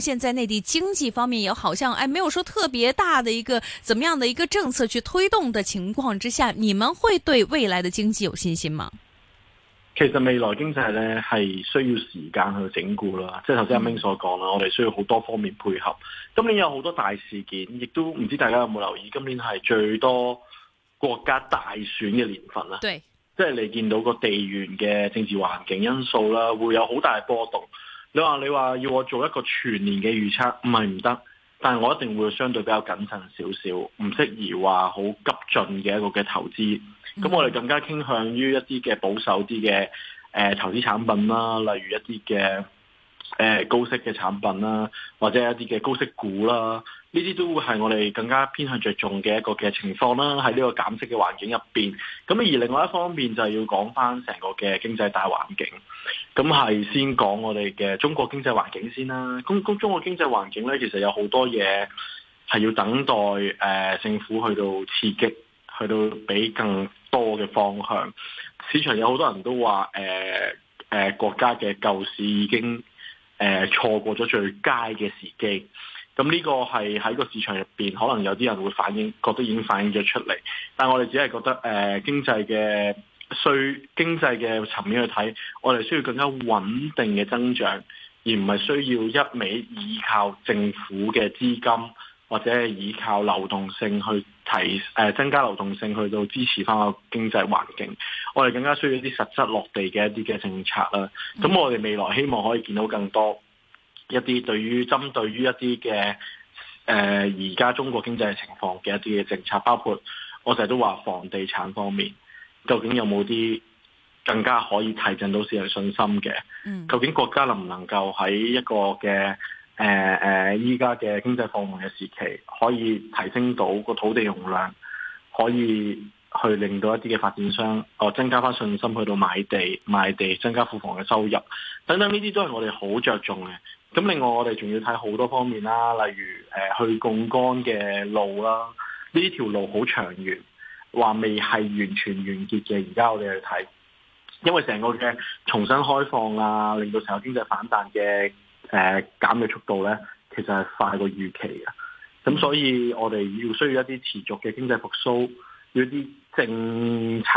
現在內地經濟方面也好像，哎，沒有說特別大的一個怎麼樣的一個政策去推動的情況之下，你們會對未來的經濟有信心嗎？其實未來經濟咧係需要時間去整固啦，即係頭先阿明所講啦，嗯、我哋需要好多方面配合。今年有好多大事件，亦都唔知大家有冇留意，今年係最多國家大選嘅年份啦。對，即係你見到個地緣嘅政治環境因素啦，會有好大波動。你話，你話要我做一個全年嘅預測，唔係唔得，但係我一定會相對比較謹慎少少，唔適宜話好急進嘅一個嘅投資。咁我哋更加傾向於一啲嘅保守啲嘅誒投資產品啦，例如一啲嘅。誒高息嘅產品啦，或者一啲嘅高息股啦，呢啲都會係我哋更加偏向着重嘅一個嘅情況啦。喺呢個減息嘅環境入邊，咁而另外一方面就係要講返成個嘅經濟大環境。咁係先講我哋嘅中國經濟環境先啦。咁咁中國經濟環境咧，其實有好多嘢係要等待誒、呃、政府去到刺激，去到俾更多嘅方向。市場有好多人都話誒誒國家嘅救市已經，誒、呃、錯過咗最佳嘅時機。咁呢個係喺個市場入邊，可能有啲人會反映，覺得已經反映咗出嚟。但我哋只係覺得，誒、呃、經濟嘅需經濟嘅層面去睇，我哋需要更加穩定嘅增長，而唔係需要一味依靠政府嘅資金或者係依靠流動性去。提誒、呃、增加流動性去到支持翻個經濟環境，我哋更加需要一啲實質落地嘅一啲嘅政策啦。咁、mm hmm. 我哋未來希望可以見到更多一啲對於針對於一啲嘅誒而家中國經濟嘅情況嘅一啲嘅政策，包括我成日都話房地產方面究竟有冇啲更加可以提振到市民信心嘅？Mm hmm. 究竟國家能唔能夠喺一個嘅？誒誒，依家嘅經濟放緩嘅時期，可以提升到個土地容量，可以去令到一啲嘅發展商，哦、呃、增加翻信心去到買地、賣地，增加庫房嘅收入等等，呢啲都係我哋好着重嘅。咁另外，我哋仲要睇好多方面啦，例如誒、呃、去槓桿嘅路啦，呢條路好長遠，話未係完全完結嘅。而家我哋去睇，因為成個嘅重新開放啊，令到成個經濟反彈嘅。誒、呃、減嘅速度咧，其實係快過預期嘅。咁所以，我哋要需要一啲持續嘅經濟復甦，要啲政策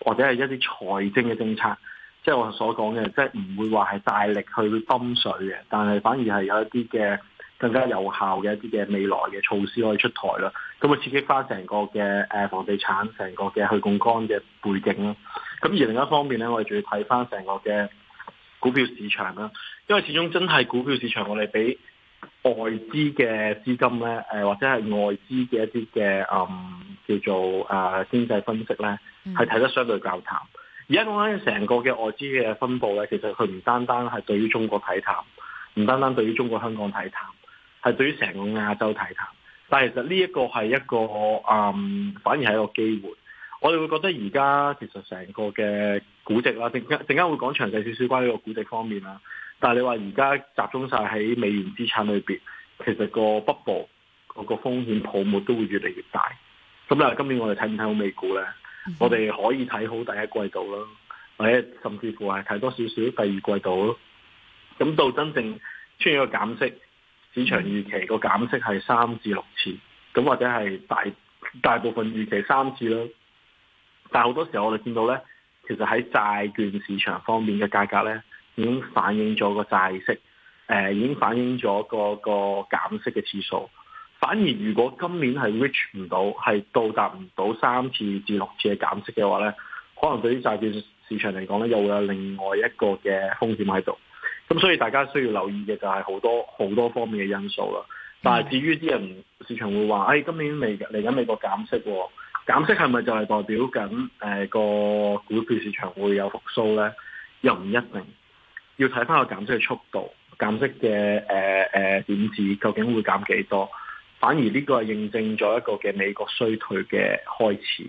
或者係一啲財政嘅政策，即係、就是、我所講嘅，即係唔會話係大力去泵水嘅，但係反而係有一啲嘅更加有效嘅一啲嘅未來嘅措施可以出台啦。咁會刺激翻成個嘅誒房地產成個嘅去槓桿嘅背景啦。咁而另一方面咧，我哋仲要睇翻成個嘅。股票市場啦，因為始終真係股票市場，我哋俾外資嘅資金咧，誒、呃、或者係外資嘅一啲嘅嗯叫做誒經濟分析咧，係睇得相對較淡。而家講緊成個嘅外資嘅分佈咧，其實佢唔單單係對於中國睇淡，唔單單對於中國香港睇淡，係對於成個亞洲睇淡。但係其實呢一個係一個嗯，反而係一個機會。我哋會覺得而家其實成個嘅估值啦，陣間陣間會講詳細少少關於個估值方面啦。但係你話而家集中晒喺美元資產裏邊，其實個北部嗰個風險泡沫都會越嚟越大。咁啦，今年我哋睇唔睇好美股咧？Mm hmm. 我哋可以睇好第一季度咯，或者甚至乎係睇多少少第二季度咯。咁到真正出現個減息，市場預期個減息係三至六次，咁或者係大大部分預期三次咯。但係好多時候，我哋見到咧，其實喺債券市場方面嘅價格咧，已經反映咗個債息，誒、呃、已經反映咗、嗰個、嗰個減息嘅次數。反而如果今年係 reach 唔到，係到達唔到三次至六次嘅減息嘅話咧，可能對於債券市場嚟講咧，又會有另外一個嘅風險喺度。咁所以大家需要留意嘅就係好多好多方面嘅因素啦。但係至於啲人市場會話，誒、哎、今年未嚟緊美國減息喎。減息係咪就係代表緊誒、呃、個股票市場會有復甦呢？又唔一定，要睇翻個減息嘅速度、減息嘅誒誒點子，究竟會減幾多？反而呢個係認證咗一個嘅美國衰退嘅開始。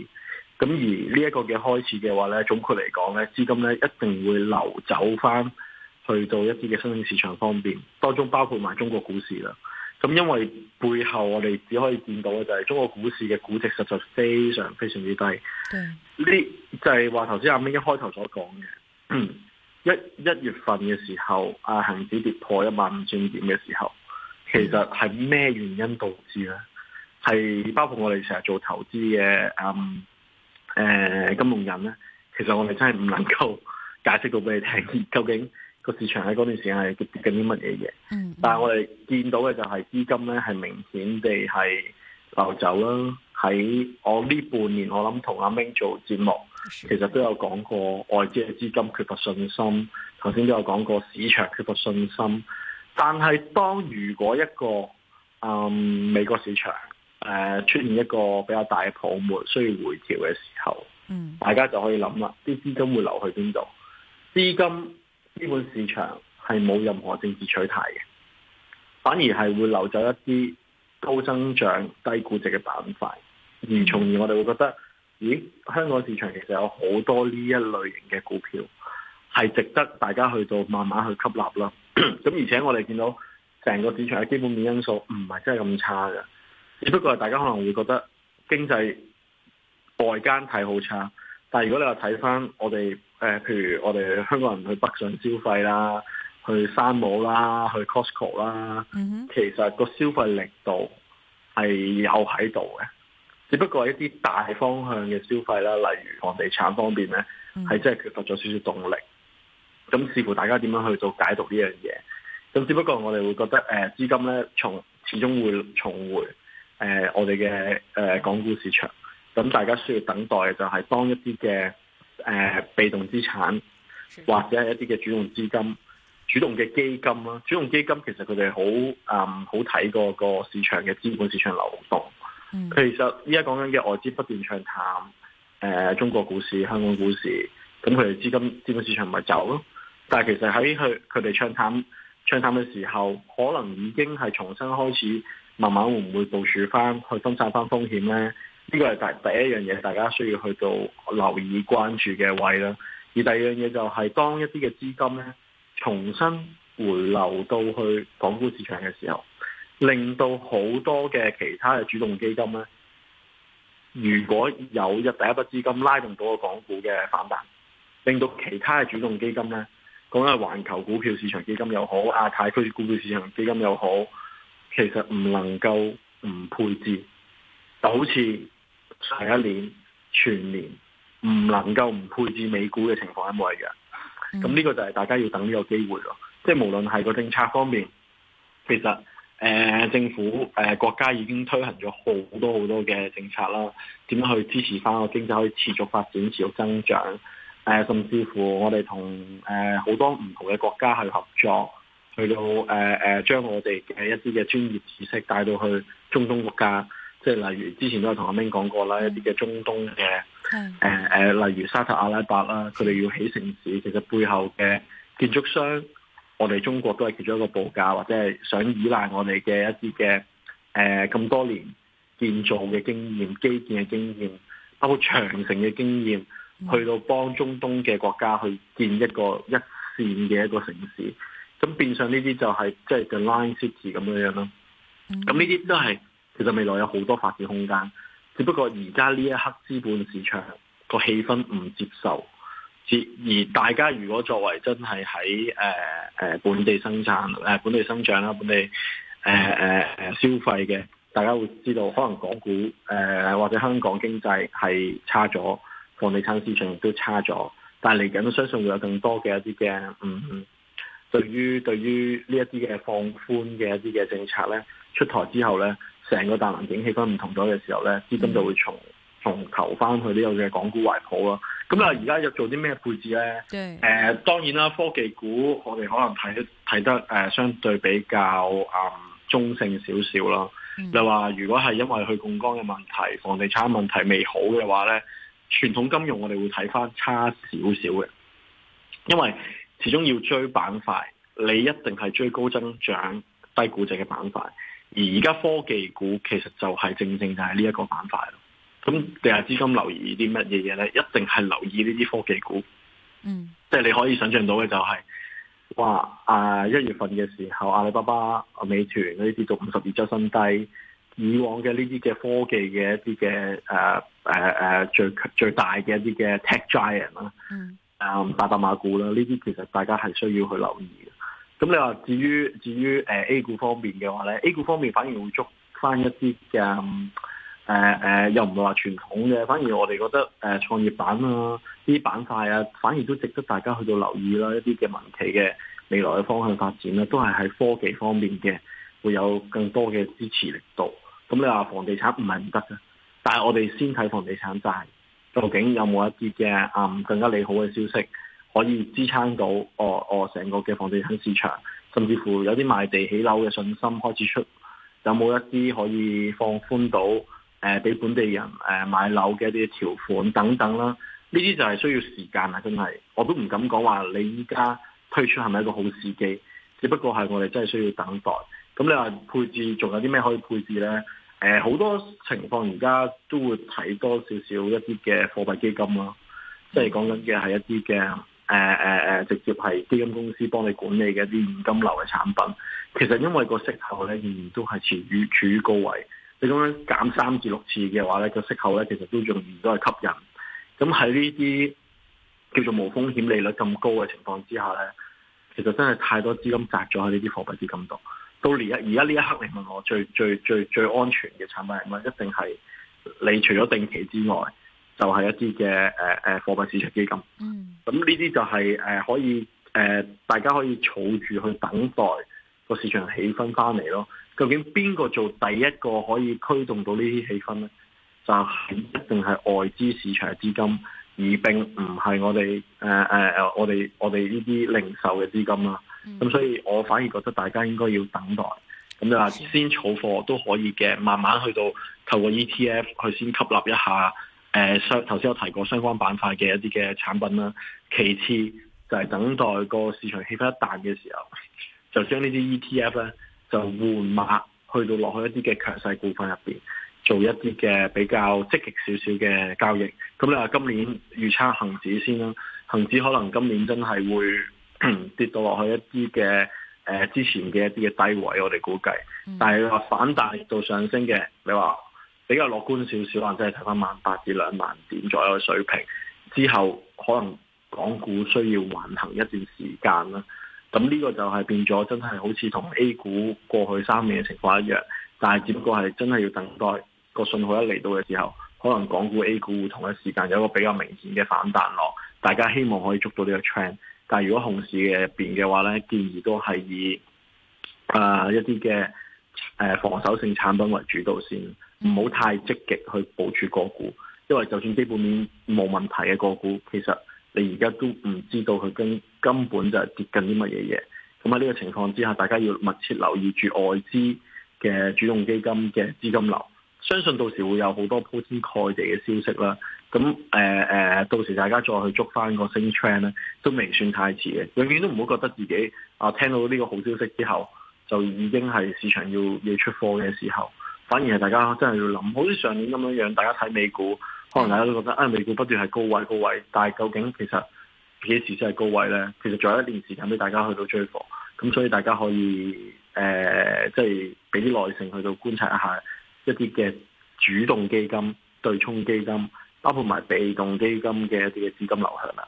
咁而呢一個嘅開始嘅話咧，總括嚟講咧，資金咧一定會流走翻去到一啲嘅新興市場方面，當中包括埋中國股市啦。咁因為背後我哋只可以見到嘅就係中國股市嘅估值實在非常非常之低。呢對就係話頭先阿明一開頭所講嘅、嗯，一一月份嘅時候，阿恒指跌破一萬五千點嘅時候，其實係咩原因導致呢？係、嗯、包括我哋成日做投資嘅、嗯呃、金融人呢，其實我哋真係唔能夠解釋到俾你聽究竟。個市場喺嗰段時間係跌緊啲乜嘢嘢？但係我哋見到嘅就係資金咧係明顯地係流走啦。喺我呢半年，我諗同阿 Ming 做節目，其實都有講過外資嘅資金缺乏信心。頭先都有講過市場缺乏信心。但係當如果一個嗯美國市場誒、呃、出現一個比較大嘅泡沫，需要回調嘅時候，嗯，大家就可以諗啦，啲資金會流去邊度？資金。基本市場係冇任何政治取態嘅，反而係會留走一啲高增長、低估值嘅板塊，而從而我哋會覺得，咦，香港市場其實有好多呢一類型嘅股票係值得大家去到慢慢去吸納囉。咁 而且我哋見到成個市場嘅基本面因素唔係真係咁差㗎，只不過係大家可能會覺得經濟外間睇好差，但係如果你話睇返我哋。誒，譬、呃、如我哋香港人去北上消費啦，去山姆啦，去 Costco 啦，mm hmm. 其實個消費力度係有喺度嘅，只不過一啲大方向嘅消費啦，例如房地產方面咧，係真係缺乏咗少少動力。咁視乎大家點樣去做解讀呢樣嘢。咁只不過我哋會覺得誒資、呃、金咧，從始終會重回誒、呃、我哋嘅誒港股市場。咁大家需要等待嘅就係當一啲嘅。誒、呃，被動資產或者係一啲嘅主動資金、主動嘅基金啦。主動基金其實佢哋好誒好睇個個市場嘅資本市場流動。佢其實依家講緊嘅外資不斷唱淡，誒、呃、中國股市、香港股市，咁佢哋資金資本市場咪走咯。但係其實喺佢佢哋唱淡唱淡嘅時候，可能已經係重新開始慢慢會唔會部署翻去分散翻風險咧？呢個係第第一樣嘢，大家需要去到留意關注嘅位啦。而第二樣嘢就係、是，當一啲嘅資金咧重新回流到去港股市場嘅時候，令到好多嘅其他嘅主動基金咧，如果有入第一筆資金拉動到個港股嘅反彈，令到其他嘅主動基金咧，講緊環球股票市場基金又好，亞太區股票市場基金又好，其實唔能夠唔配置，就好似。上一年全年唔能夠唔配置美股嘅情況係冇一樣，咁呢個就係大家要等呢個機會咯。即係無論係個政策方面，其實誒、呃、政府誒、呃、國家已經推行咗好多好多嘅政策啦，點樣去支持翻個經濟可以持續發展、持續增長。誒、呃，甚至乎我哋、呃、同誒好多唔同嘅國家去合作，去到誒誒將我哋嘅一啲嘅專業知識帶到去中東國家。即係例如之前都有同阿明講過啦，一啲嘅中東嘅，誒、呃、誒，例如沙特阿拉伯啦，佢哋要起城市，其實背後嘅建築商，我哋中國都係其中一個報價，或者係想依賴我哋嘅一啲嘅，誒、呃，咁多年建造嘅經驗、基建嘅經驗，包括長城嘅經驗，去到幫中東嘅國家去建一個一線嘅一個城市，咁變相呢啲就係、是、即係 The Line City 咁樣樣咯。咁呢啲都係。其實未來有好多發展空間，只不過而家呢一刻資本市場、個氣氛唔接受，而大家如果作為真係喺、呃、本地生產、呃、本地生長啦、本地、呃、消費嘅，大家會知道可能港股誒、呃、或者香港經濟係差咗，房地產市場亦都差咗，但係嚟緊相信會有更多嘅一啲嘅嗯，對於對於呢一啲嘅放寬嘅一啲嘅政策呢，出台之後呢。成個大環境氣氛唔同咗嘅時候呢，資金就會重重投翻去呢個嘅港股懷抱咯。咁啊，而家又做啲咩配置呢？誒、呃，當然啦，科技股我哋可能睇得、呃、相對比較誒、呃、中性少少咯。你、就、話、是、如果係因為去槓桿嘅問題、房地產問題未好嘅話呢，傳統金融我哋會睇翻差少少嘅，因為始終要追板塊，你一定係追高增長、低估值嘅板塊。而而家科技股其實就係正正就係呢一個板塊咯。咁第日資金留意啲乜嘢嘢咧？一定係留意呢啲科技股。嗯，即係你可以想象到嘅就係話啊，一、uh，月份嘅時候，阿里巴巴、美團嗰啲跌到五十二周新低，以往嘅呢啲嘅科技嘅一啲嘅誒誒誒最最大嘅一啲嘅 tech giant 啦，嗯，誒大白馬股啦，呢啲其實大家係需要去留意。咁你話至於至於誒 A 股方面嘅話咧，A 股方面反而會捉翻一啲嘅誒誒，又唔係話傳統嘅，反而我哋覺得誒創業板啊、啲板塊啊，反而都值得大家去到留意啦，一啲嘅民企嘅未來嘅方向發展咧、啊，都係喺科技方面嘅，會有更多嘅支持力度。咁你話房地產唔係唔得嘅，但係我哋先睇房地產債究竟有冇一啲嘅誒更加利好嘅消息。可以支撐到我我成個嘅房地產市場，甚至乎有啲賣地起樓嘅信心開始出，有冇一啲可以放寬到誒俾、呃、本地人誒買樓嘅一啲條款等等啦？呢啲就係需要時間啊！真係我都唔敢講話，你依家推出係咪一個好時機？只不過係我哋真係需要等待。咁你話配置仲有啲咩可以配置呢？誒、呃、好多情況而家都會睇多少少一啲嘅貨幣基金啦，即係講緊嘅係一啲嘅。誒誒誒，直接係基金公司幫你管理嘅一啲現金流嘅產品，其實因為個息口咧仍然都係處於處於高位，你咁樣減三至六次嘅話咧，個息口咧其實都仍然都係吸引。咁喺呢啲叫做無風險利率咁高嘅情況之下咧，其實真係太多資金砸咗喺呢啲貨幣基金度。到而家而家呢一刻，你問我最最最最安全嘅產品，係乜？一定係你除咗定期之外。就係一啲嘅誒誒貨幣市場基金，咁呢啲就係誒可以誒大家可以儲住去等待個市場氣氛翻嚟咯。究竟邊個做第一個可以驅動到呢啲氣氛咧？就係一定係外資市場嘅資金，而並唔係我哋誒誒我哋我哋呢啲零售嘅資金啦。咁所以，我反而覺得大家應該要等待。咁就話先儲貨都可以嘅，慢慢去到透過 ETF 去先吸納一下。誒，相頭先我提過相關板塊嘅一啲嘅產品啦。其次就係等待個市場氣氛一彈嘅時候，就將呢啲 E T F 咧就換馬去到落去一啲嘅強勢股份入邊，做一啲嘅比較積極少少嘅交易。咁你話今年預測恒指先啦，恒指可能今年真係會 跌到落去一啲嘅誒之前嘅一啲嘅低位，我哋估計。但係你話反彈力度上升嘅，你話？比較樂觀少少，或者係睇翻萬八至兩萬點左右嘅水平之後，可能港股需要橫行一段時間啦。咁呢個就係變咗，真係好似同 A 股過去三年嘅情況一樣，但係只不過係真係要等待個信號一嚟到嘅時候，可能港股 A 股同一時間有一個比較明顯嘅反彈咯。大家希望可以捉到呢個 trend，但係如果熊市嘅入邊嘅話呢，建議都係以誒、呃、一啲嘅誒防守性產品為主導先。唔好太積極去部署個股，因為就算基本面冇問題嘅個股，其實你而家都唔知道佢根根本就係跌緊啲乜嘢嘢。咁喺呢個情況之下，大家要密切留意住外資嘅主動基金嘅資金流。相信到時會有好多鋪天蓋地嘅消息啦。咁誒誒，到時大家再去捉返個升 trend 呢，都未算太遲嘅。永遠都唔好覺得自己啊，聽到呢個好消息之後，就已經係市場要要出貨嘅時候。反而係大家真係要諗，好似上年咁樣樣，大家睇美股，可能大家都覺得啊，美股不斷係高位高位，但係究竟其實幾時先係高位呢？其實仲有一段時間俾大家去到追貨，咁所以大家可以誒，即係俾啲耐性去到觀察一下一啲嘅主動基金、對沖基金，包括埋被動基金嘅一啲嘅資金流向啦。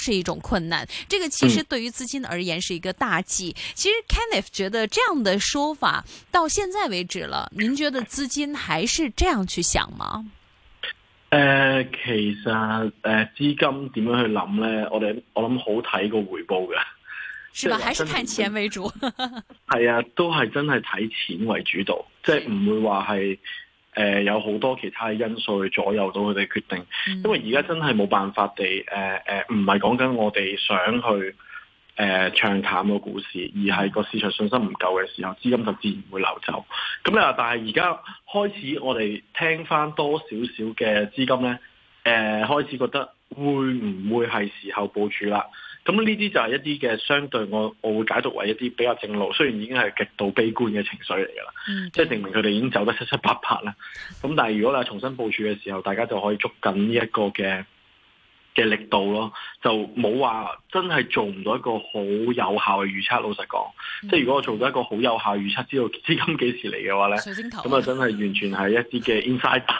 是一種困難，這個其實對於資金而言是一個大忌。嗯、其實 Kenneth 覺得這樣的說法到現在為止了，您覺得資金還是這樣去想嗎？誒、呃，其實呃，資金點樣去諗呢？我哋我諗好睇個回報嘅。是吧？還是看錢為主？係啊，都係真係睇錢為主導，即係唔會話係。誒、呃，有好多其他因素去左右到佢哋決定，嗯、因為而家真係冇辦法地，誒、呃、誒，唔係講緊我哋想去誒唱、呃、淡個股市，而係個市場信心唔夠嘅時候，資金就自然會流走。咁啊，但係而家開始我哋聽翻多少少嘅資金咧，誒、呃，開始覺得會唔會係時候部署啦？咁呢啲就係一啲嘅，相對我，我我會解讀為一啲比較正路，雖然已經係極度悲觀嘅情緒嚟噶啦，嗯、即係證明佢哋已經走得七七八八啦。咁 但係如果你係重新部署嘅時候，大家就可以捉緊呢一個嘅嘅力度咯，就冇話真係做唔到一個好有效嘅預測。老實講，即係、嗯、如果我做咗一個好有效預測，知道資金幾時嚟嘅話咧，咁啊就真係完全係一啲嘅 insider。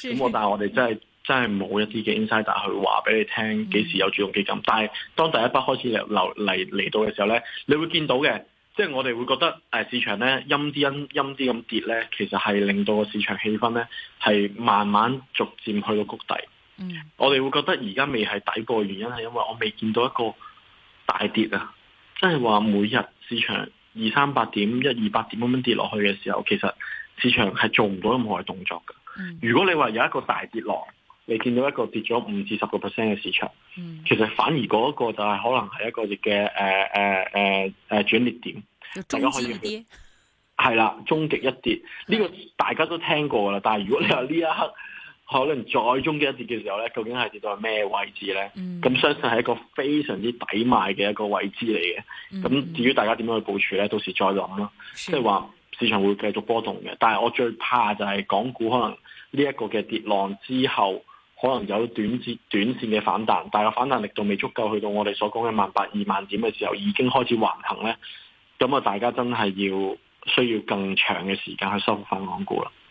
咁我但係我哋真係。真係冇一啲嘅 insider 去話俾你聽幾時有主動基金，嗯、但係當第一筆開始入流嚟嚟到嘅時候呢，你會見到嘅，即係我哋會覺得誒、哎、市場呢，陰啲陰啲滋咁跌呢，其實係令到個市場氣氛呢，係慢慢逐漸去到谷底。嗯、我哋會覺得而家未係底部嘅原因係因為我未見到一個大跌啊，即係話每日市場二三百點、一二百點咁樣跌落去嘅時候，其實市場係做唔到任何嘅動作㗎。嗯、如果你話有一個大跌落。你見到一個跌咗五至十個 percent 嘅市場，嗯、其實反而嗰一個就係、呃呃呃、可能係一個嘅誒誒誒誒轉捩點，終極一跌，係啦，終極一跌，呢個大家都聽過啦。的但係如果你話呢一刻可能再終極一跌嘅時候呢，究竟係跌到係咩位置呢？咁、嗯、相信係一個非常之抵賣嘅一個位置嚟嘅。咁、嗯、至於大家點樣去部署呢？到時再諗啦。即係話市場會繼續波動嘅，但係我最怕就係港股可能呢一個嘅跌浪之後。可能有短節短線嘅反彈，但係反彈力度未足夠去到我哋所講嘅萬八二萬點嘅時候，已經開始橫行呢。咁啊，大家真係要需要更長嘅時間去收復返港股啦。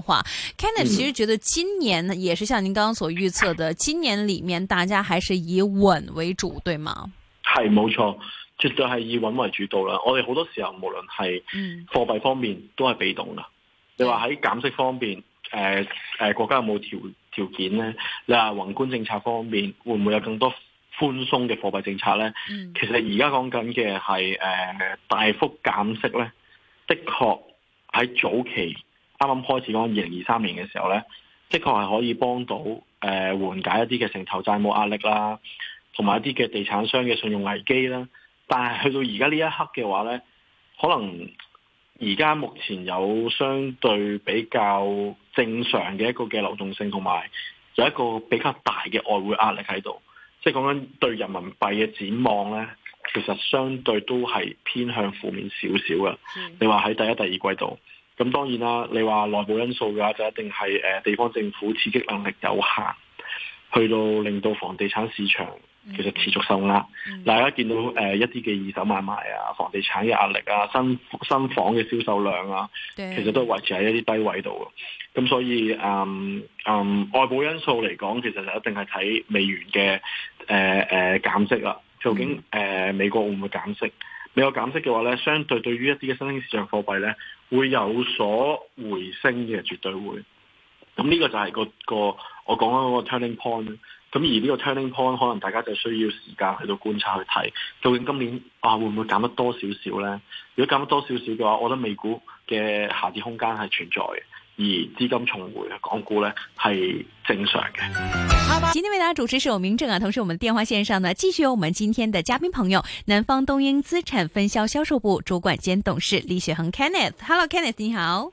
話，Kenneth 其實覺得今年呢，嗯、也是像您剛剛所預測的，今年裏面大家還是以穩為主，對嗎？係冇錯，絕對係以穩為主導啦。我哋好多時候無論係嗯貨幣方面都係被動噶。嗯、你話喺減息方面，誒、呃、誒、呃，國家有冇條條件呢？你話，宏觀政策方面會唔會有更多寬鬆嘅貨幣政策咧？嗯、其實而家講緊嘅係誒大幅減息咧，的確喺早期。啱啱開始講二零二三年嘅時候呢，的確係可以幫到誒、呃、緩解一啲嘅城投債務壓力啦，同埋一啲嘅地產商嘅信用危機啦。但係去到而家呢一刻嘅話呢，可能而家目前有相對比較正常嘅一個嘅流動性，同埋有一個比較大嘅外匯壓力喺度。即係講緊對人民幣嘅展望呢，其實相對都係偏向負面少少嘅。你話喺第一、第二季度。咁當然啦，你話內部因素嘅話，就一定係誒、呃、地方政府刺激能力有限，去到令到房地產市場其實持續受壓。嗯、大家見到誒、呃、一啲嘅二手買賣啊，房地產嘅壓力啊，新新房嘅銷售量啊，其實都維持喺一啲低位度。咁所以誒誒、呃呃、外部因素嚟講，其實就一定係睇美元嘅誒誒減息啦、啊。究竟誒美國會唔會減息？美國減息嘅話咧，相對對於一啲嘅新興市場貨幣咧。會有所回升嘅，絕對會。咁呢個就係嗰個，我講緊嗰個 turning point。咁而呢個 turning point，可能大家就需要時間去到觀察去睇，究竟今年啊會唔會減得多少少呢？如果減得多少少嘅話，我覺得美股嘅下跌空間係存在嘅。而資金重回啊，港股咧係正常嘅。今天為大家主持是我明正啊，同時我們電話線上呢繼續有我們今天的嘉賓朋友，南方東英資產分銷銷售部主管兼董事李雪恒 Kenneth。Hello，Kenneth，你好。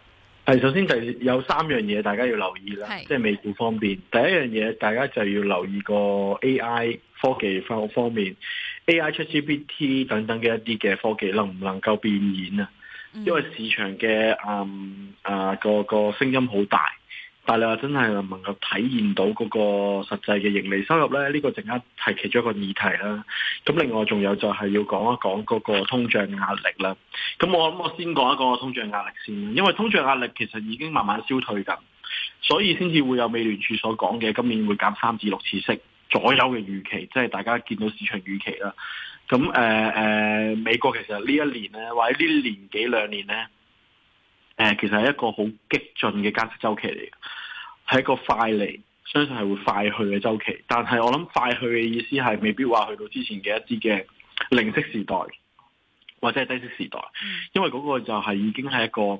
係，首先就有三樣嘢大家要留意啦，是即係美股方面。第一樣嘢，大家就要留意個 A I 科技方方面，A I 出 G P T 等等嘅一啲嘅科技能唔能夠變現啊？因為市場嘅嗯啊個個聲音好大。但你話真係能夠體驗到嗰個實際嘅盈利收入咧？呢個陣間係其中一個議題啦。咁另外仲有就係要講一講嗰個通脹壓力啦。咁我諗我先講一個通脹壓力先，因為通脹壓力其實已經慢慢消退緊，所以先至會有美聯儲所講嘅今年會減三至六次息左右嘅預期，即係大家見到市場預期啦。咁誒誒，美國其實呢一年咧，或者呢年幾兩年咧？誒，其實係一個好激進嘅加息周期嚟嘅，係一個快嚟，相信係會快去嘅周期。但係我諗快去嘅意思係，未必話去到之前嘅一啲嘅零息時代，或者係低息時代，因為嗰個就係已經係一個誒誒、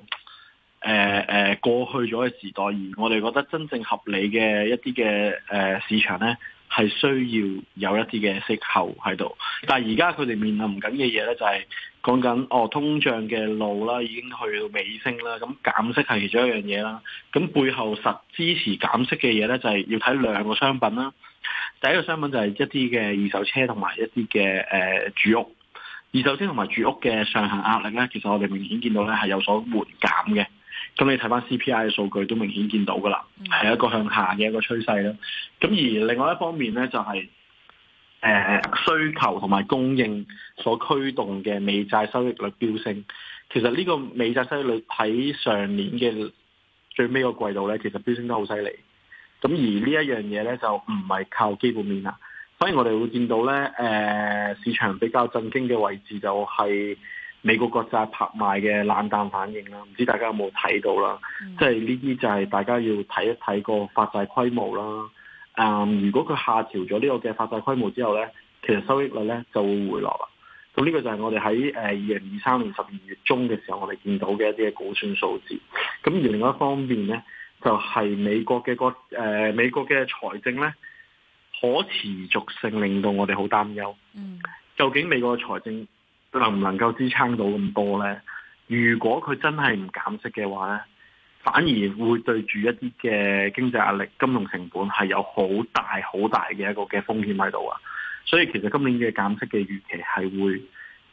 呃、過去咗嘅時代。而我哋覺得真正合理嘅一啲嘅誒市場咧。係需要有一啲嘅息口喺度，但係而家佢哋面臨緊嘅嘢咧，就係講緊哦通脹嘅路啦，已經去到尾聲啦，咁減息係其中一樣嘢啦。咁背後實支持減息嘅嘢咧，就係要睇兩個商品啦。第一個商品就係一啲嘅二手車同埋一啲嘅誒住屋，二手車同埋住屋嘅上限壓力咧，其實我哋明顯見到咧，係有所緩減嘅。咁你睇翻 CPI 嘅數據，都明顯見到噶啦，係、嗯、一個向下嘅一個趨勢啦。咁而另外一方面咧，就係、是、誒、呃、需求同埋供應所驅動嘅美債收益率飆升。其實呢個美債收益率喺上年嘅最尾個季度咧，其實飆升得好犀利。咁而呢一樣嘢咧，就唔係靠基本面啦。所以我哋會見到咧，誒、呃、市場比較震驚嘅位置就係、是。美國國債拍賣嘅冷淡反應啦，唔知大家有冇睇到啦？嗯、即係呢啲就係大家要睇一睇個發債規模啦。啊、嗯，如果佢下調咗呢個嘅發債規模之後呢，其實收益率呢就會回落啦。咁呢個就係我哋喺誒二零二三年十二月中嘅時候，我哋見到嘅一啲嘅估算數字。咁而另一方面呢，就係、是、美國嘅個誒美國嘅財政呢，可持續性令到我哋好擔憂。嗯、究竟美國嘅財政能唔能夠支撐到咁多呢？如果佢真係唔減息嘅話，呢反而會對住一啲嘅經濟壓力、金融成本係有好大好大嘅一個嘅風險喺度啊！所以其實今年嘅減息嘅預期係會誒、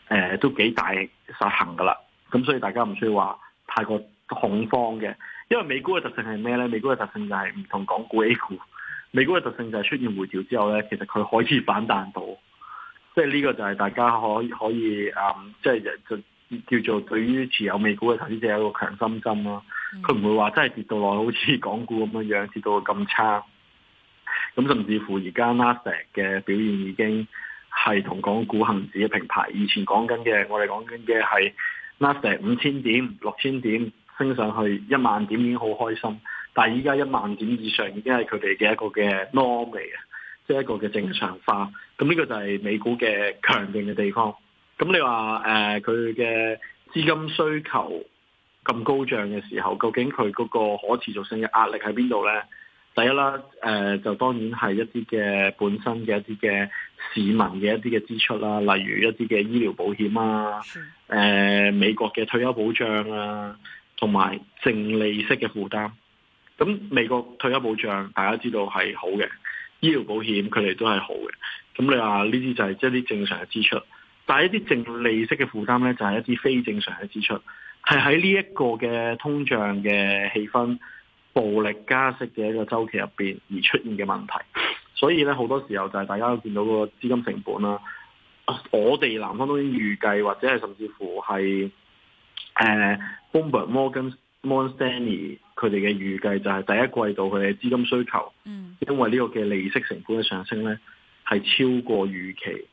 呃、都幾大實行噶啦。咁所以大家唔需要話太過恐慌嘅，因為美股嘅特性係咩呢？美股嘅特性就係唔同港股 A 股，美股嘅特性就係出現回調之後呢，其實佢可以反彈到。即係呢個就係大家可以可以誒、嗯，即係叫做對於持有美股嘅投資者有一個強心針咯、啊。佢唔會話真係跌到落好似港股咁樣樣跌到咁差。咁、嗯、甚至乎而家納斯達克嘅表現已經係同港股恆指平牌。以前講緊嘅，我哋講緊嘅係納斯達克五千點、六千點升上去一萬點已經好開心，但係依家一萬點以上已經係佢哋嘅一個嘅 norm 嚟嘅。即係一個嘅正常化，咁呢個就係美股嘅強勁嘅地方。咁你話誒佢嘅資金需求咁高漲嘅時候，究竟佢嗰個可持續性嘅壓力喺邊度呢？第一啦，誒、呃、就當然係一啲嘅本身嘅一啲嘅市民嘅一啲嘅支出啦，例如一啲嘅醫療保險啊，誒、呃、美國嘅退休保障啊，同埋淨利息嘅負擔。咁美國退休保障大家知道係好嘅。醫療保險佢哋都係好嘅，咁你話呢啲就係即係啲正常嘅支出，但係一啲淨利息嘅負擔咧就係一啲非正常嘅支出，係喺呢一個嘅通脹嘅氣氛、暴力加息嘅一個周期入邊而出現嘅問題。所以咧，好多時候就係大家都見到個資金成本啦，我哋南方都已經預計或者係甚至乎係誒 Bloomberg、摩根 Morgan Stanley 佢哋嘅預計就係第一季度佢嘅資金需求，嗯、因為呢個嘅利息成本嘅上升咧，係超過預期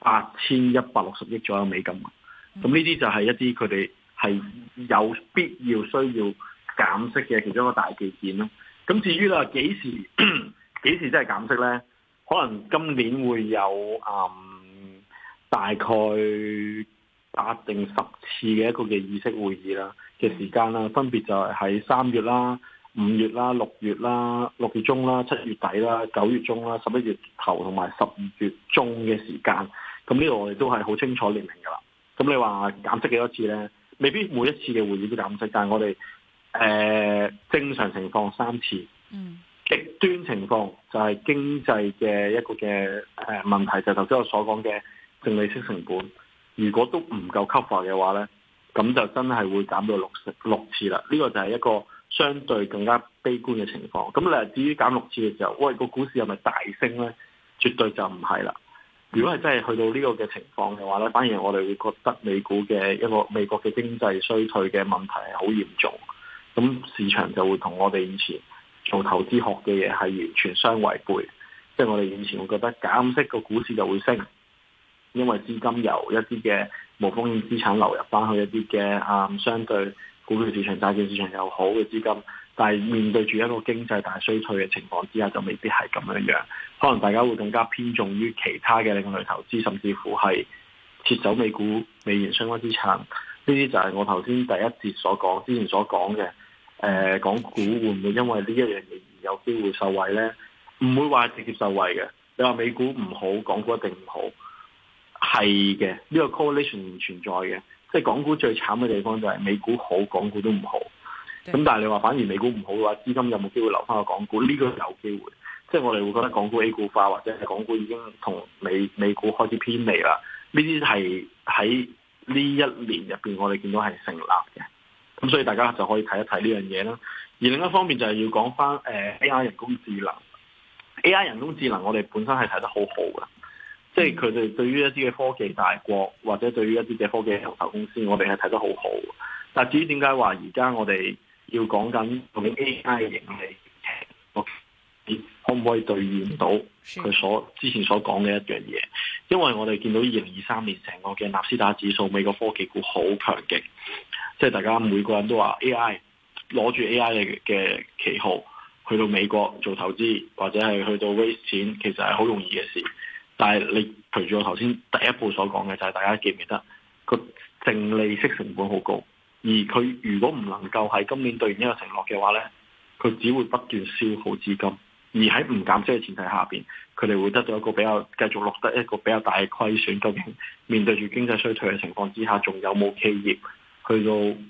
八千一百六十億左右美金。咁呢啲就係一啲佢哋係有必要需要減息嘅其中一個大事件咯。咁至於咧幾時幾時真係減息咧？可能今年會有嗯大概。八定十次嘅一個嘅議息會議啦嘅時間啦，嗯、分別就係喺三月啦、五月啦、六月啦、六月中啦、七月底啦、九月中啦、十一月頭同埋十二月中嘅時間。咁呢個我哋都係好清楚列明噶啦。咁你話減息幾多次呢？未必每一次嘅會議都減息，但係我哋誒、呃、正常情況三次。嗯，極端情況就係經濟嘅一個嘅誒問題，就係頭先我所講嘅淨利息成本。如果都唔夠吸 o 嘅話呢，咁就真係會減到六次六次啦。呢、這個就係一個相對更加悲觀嘅情況。咁咧，至於減六次嘅時候，喂個股市係咪大升呢？絕對就唔係啦。如果係真係去到呢個嘅情況嘅話呢，反而我哋會覺得美股嘅一個美國嘅經濟衰退嘅問題係好嚴重。咁市場就會同我哋以前做投資學嘅嘢係完全相違背。即、就、係、是、我哋以前會覺得減息個股市就會升。因為資金由一啲嘅無風險資產流入翻去一啲嘅啊，相對股票市場、債券市場又好嘅資金，但係面對住一個經濟大衰退嘅情況之下，就未必係咁樣樣。可能大家會更加偏重於其他嘅另類投資，甚至乎係撤走美股美元相關資產。呢啲就係我頭先第一節所講，之前所講嘅。誒、呃，港股會唔會因為呢一樣嘢而有機會受惠呢？唔會話直接受惠嘅。你話美股唔好，港股一定唔好。係嘅，呢個 correlation 唔存在嘅，即係港股最慘嘅地方就係美股好，港股都唔好。咁但係你話反而美股唔好嘅話，資金有冇機會留翻去港股？呢個有機會。即係我哋會覺得港股 A 股化或者係港股已經同美美股開始偏離啦。呢啲係喺呢一年入邊，我哋見到係成立嘅。咁所以大家就可以睇一睇呢樣嘢啦。而另一方面就係要講翻誒 AI 人工智能。AI 人工智能我哋本身係睇得好好嘅。即係佢哋對於一啲嘅科技大國，或者對於一啲嘅科技龍頭公司，我哋係睇得好好。但至於點解話而家我哋要講緊究竟 A.I. 嘅盈利可唔可以兌現到佢所之前所講嘅一樣嘢？因為我哋見到二零二三年成個嘅納斯達指數，美國科技股好強勁。即係大家每個人都話 A.I. 攞住 A.I. 嘅旗號去到美國做投資，或者係去到 raise 錢，其實係好容易嘅事。但係你隨住我頭先第一步所講嘅，就係大家記唔記得個淨利息成本好高，而佢如果唔能夠喺今年兌現呢個承諾嘅話呢，佢只會不斷消耗資金，而喺唔減息嘅前提下邊，佢哋會得到一個比較繼續落得一個比較大嘅虧損。究竟面對住經濟衰退嘅情況之下，仲有冇企業去到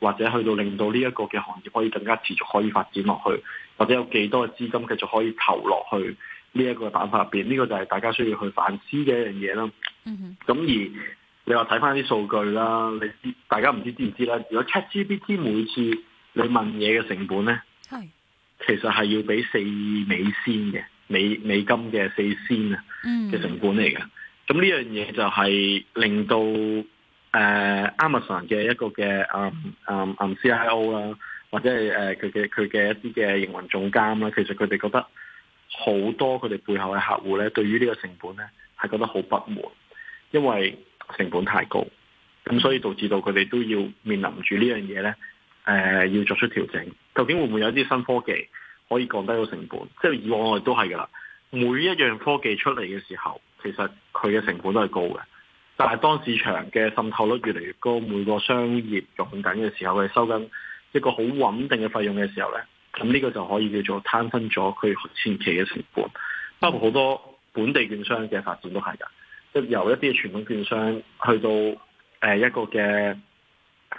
或者去到令到呢一個嘅行業可以更加持續可以發展落去，或者有幾多嘅資金繼續可以投落去？呢一個打法入邊，呢、這個就係大家需要去反思嘅一樣嘢咯。咁、mm hmm. 而你話睇返啲數據啦，你大家唔知知唔知啦？如果七 G B T 每次你問嘢嘅成本咧，係、mm hmm. 其實係要俾四美仙嘅美美金嘅四仙啊嘅成本嚟嘅。咁呢、mm hmm. 樣嘢就係令到誒、呃、Amazon 嘅一個嘅誒誒 C I O 啦，或者係誒佢嘅佢嘅一啲嘅營運總監啦，其實佢哋覺得。好多佢哋背後嘅客戶咧，對於呢個成本咧，係覺得好不滿，因為成本太高，咁所以導致到佢哋都要面臨住呢樣嘢咧，誒、呃，要作出調整。究竟會唔會有啲新科技可以降低個成本？即係以往我哋都係噶啦，每一樣科技出嚟嘅時候，其實佢嘅成本都係高嘅。但係當市場嘅滲透率越嚟越高，每個商業用緊嘅時候，佢收緊一個好穩定嘅費用嘅時候咧。咁呢個就可以叫做攤分咗佢前期嘅成本，包括好多本地券商嘅發展都係㗎，即係由一啲傳統券商去到誒、一個嘅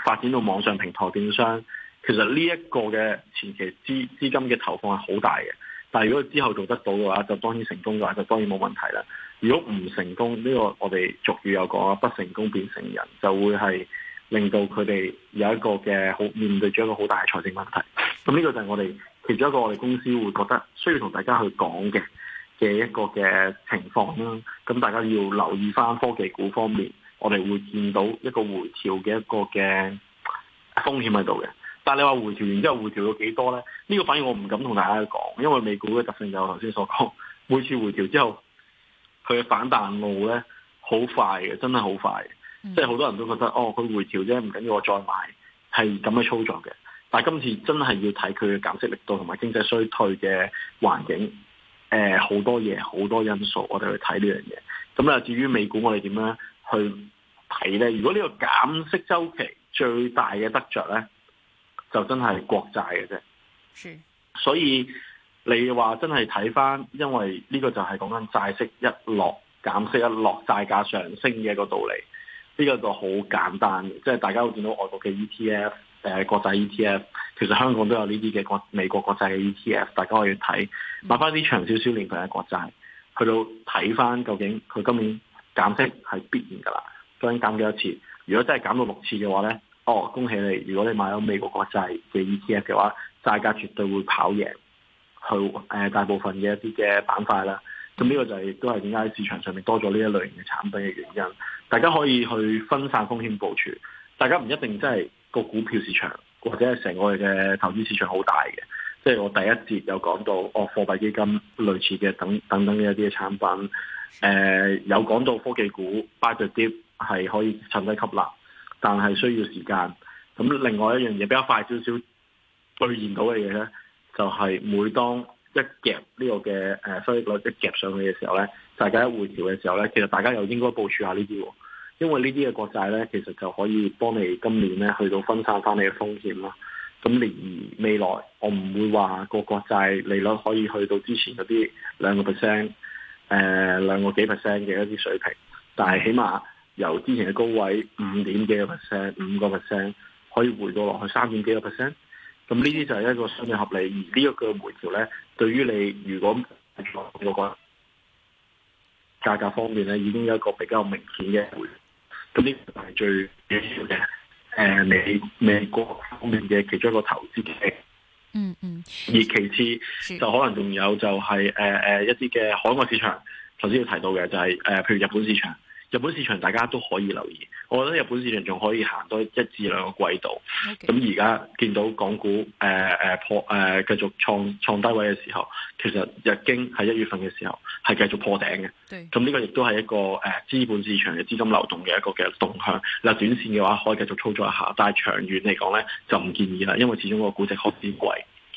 發展到網上平台券商，其實呢一個嘅前期資資金嘅投放係好大嘅。但係如果之後做得到嘅話，就當然成功嘅話，就當然冇問題啦。如果唔成功，呢個我哋俗語有講，不成功便成仁，就會係。令到佢哋有一個嘅好面對住一個好大嘅財政問題，咁呢個就係我哋其中一個我哋公司會覺得需要同大家去講嘅嘅一個嘅情況啦。咁大家要留意翻科技股方面，我哋會見到一個回調嘅一個嘅風險喺度嘅。但係你話回調完之後回調到幾多呢？呢個反而我唔敢同大家去講，因為美股嘅特性就我頭先所講，每次回調之後佢嘅反彈路呢，好快嘅，真係好快。即係好多人都覺得，哦，佢回調啫，唔緊要，我再買，係咁嘅操作嘅。但係今次真係要睇佢嘅減息力度同埋經濟衰退嘅環境，誒、呃，好多嘢，好多因素，我哋去睇呢樣嘢。咁、嗯、啊，至於美股，我哋點樣去睇呢？如果呢個減息周期最大嘅得着呢，就真係國債嘅啫。係所以你話真係睇翻，因為呢個就係講緊債息一落，減息一落，債價上升嘅一個道理。呢個就好簡單，即係大家會見到外國嘅 ETF，誒、呃、國債 ETF，其實香港都有呢啲嘅國美國國債嘅 ETF，大家可以睇買翻啲長少少年份嘅國債，去到睇翻究竟佢今年減息係必然㗎啦。究竟減幾多次？如果真係減到六次嘅話咧，哦，恭喜你！如果你買咗美國國債嘅 ETF 嘅話，債價絕對會跑贏去誒、呃、大部分嘅一啲嘅板塊啦。咁呢個就係都係點解喺市場上面多咗呢一類型嘅產品嘅原因，大家可以去分散風險部署，大家唔一定真係個股票市場或者係成我哋嘅投資市場好大嘅，即係我第一節有講到，哦，貨幣基金類似嘅等等等嘅一啲產品，誒有講到科技股 buy the dip，係可以趁低吸納，但係需要時間。咁另外一樣嘢比較快少少兌現到嘅嘢咧，就係每當一夾呢個嘅誒收益率，呃、一夾上去嘅時候咧，大家一回調嘅時候咧，其實大家又應該部署下呢啲喎，因為呢啲嘅國債咧，其實就可以幫你今年咧去到分散翻你嘅風險啦。咁而未來我唔會話個國債利率可以去到之前嗰啲兩個 percent，誒兩個幾 percent 嘅一啲水平，但係起碼由之前嘅高位五點幾個 percent、五個 percent 可以回到落去三點幾個 percent。咁呢啲就係一個相對合理，而個呢一個回調咧，對於你如果我覺價格方面咧，已經有一個比較明顯嘅回調。咁呢個係最主要嘅。誒、呃，美美國方面嘅其中一個投資機，嗯嗯。而其次就可能仲有就係誒誒一啲嘅海外市場，頭先要提到嘅就係、是、誒、呃、譬如日本市場。日本市場大家都可以留意，我覺得日本市場仲可以行多一至兩個季度。咁而家見到港股誒誒、呃、破誒、呃、繼續創創低位嘅時候，其實日經喺一月份嘅時候係繼續破頂嘅。咁呢對個亦都係一個誒資本市場嘅資金流動嘅一個嘅動向。嗱，短線嘅話可以繼續操作一下，但係長遠嚟講咧就唔建議啦，因為始終個估值開始貴。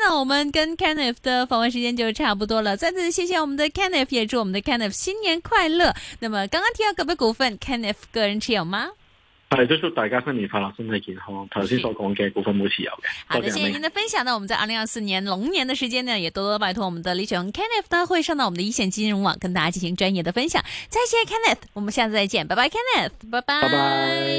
那我們跟 Kenneth 的訪問時間就差不多了，再次謝謝我們的 Kenneth，也祝我們的 Kenneth 新年快樂。那麼剛剛提到個別股份，Kenneth 個人持有嗎？大家都祝大家新年快樂，身體健康。頭先所講嘅股份冇持有嘅。是謝好的，謝謝您的分享。呢，嗯、我們在二零二四年龍年的時間呢，也多多拜託我們的李雪恒 Kenneth 呢，會上到我們的一線金融網，跟大家進行專業的分享。再見，Kenneth，我們下次再見，拜拜，Kenneth，拜拜。Bye bye